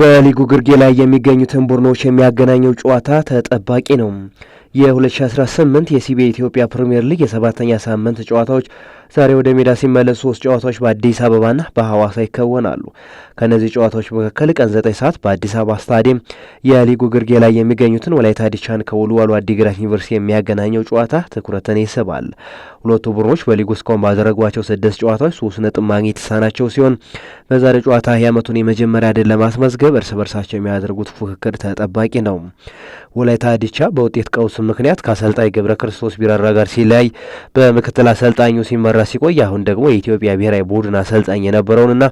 በሊጉ ግርጌ ላይ የሚገኙትን ቡድኖች የሚያገናኘው ጨዋታ ተጠባቂ ነው። የ2018 የሲቢኤ ኢትዮጵያ ፕሪምየር ሊግ የሰባተኛ ሳምንት ጨዋታዎች ዛሬ ወደ ሜዳ ሲመለሱ ሶስት ጨዋታዎች በአዲስ አበባና በሐዋሳ ይከወናሉ። ከእነዚህ ጨዋታዎች መካከል ቀን ዘጠኝ ሰዓት በአዲስ አበባ ስታዲየም የሊጉ ግርጌ ላይ የሚገኙትን ወላይታ ዲቻን ከወልዋሎ አዲግራት ዩኒቨርሲቲ የሚያገናኘው ጨዋታ ትኩረትን ይስባል። ሁለቱ ቡድኖች በሊጉ እስካሁን ባደረጓቸው ስድስት ጨዋታዎች ሶስት ነጥብ ማግኘት የተሳናቸው ሲሆን በዛሬ ጨዋታ የአመቱን የመጀመሪያ ድል ለማስመዝገብ እርስ በርሳቸው የሚያደርጉት ፉክክር ተጠባቂ ነው። ወላይታ ዲቻ በውጤት ቀውስ ምክንያት ከአሰልጣኝ ገብረ ክርስቶስ ቢራራ ጋር ሲለያይ በምክትል አሰልጣኙ ሲመራ ሲቆይ አሁን ደግሞ የኢትዮጵያ ብሔራዊ ቡድን አሰልጣኝ የነበረውንና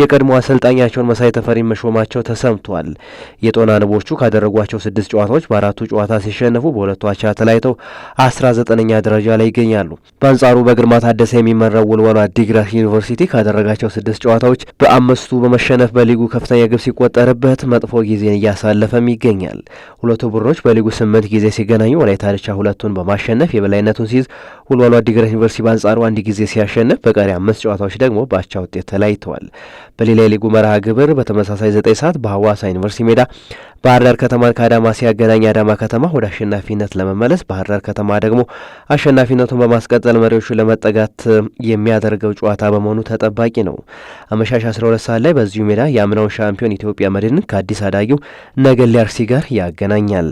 የቀድሞ አሰልጣኛቸውን መሳይ ተፈሪ መሾማቸው ተሰምቷል። የጦና ንቦቹ ካደረጓቸው ስድስት ጨዋታዎች በአራቱ ጨዋታ ሲሸነፉ፣ በሁለቱ አቻ ተለያይተው አስራ ዘጠነኛ ደረጃ ላይ ይገኛሉ። በአንጻሩ በግርማ ታደሰ የሚመራው ወልዋሎ አዲግራት ዩኒቨርሲቲ ካደረጋቸው ስድስት ጨዋታዎች በአምስቱ በመሸነፍ በሊጉ ከፍተኛ ግብ ሲቆጠርበት መጥፎ ጊዜን እያሳለፈም ይገኛል። ሁለቱ ቡድኖች በሊጉ ስምንት ጊዜ ሲገናኙ ወላይታ ድቻ ሁለቱን በማሸነፍ የበላይነቱን ሲይዝ ወልዋሎ አዲግራት ዩኒቨርሲቲ በአንጻሩ አንድ ጊዜ ሲያሸንፍ በቀሪ አምስት ጨዋታዎች ደግሞ በአቻ ውጤት ተለያይተዋል። በሌላ የሊጉ መርሃ ግብር በተመሳሳይ ዘጠኝ ሰዓት በሐዋሳ ዩኒቨርሲቲ ሜዳ ባህር ዳር ከተማን ከአዳማ ሲያገናኝ አዳማ ከተማ ወደ አሸናፊነት ለመመለስ ባህር ዳር ከተማ ደግሞ አሸናፊነቱን በማስቀጠል መሪዎቹ ለመጠጋት የሚያደርገው ጨዋታ በመሆኑ ተጠባቂ ነው። አመሻሽ 12 ሰዓት ላይ በዚሁ ሜዳ የአምናውን ሻምፒዮን ኢትዮጵያ መድንን ከአዲስ አዳጊው ነገሌ አርሲ ጋር ያገናኛል።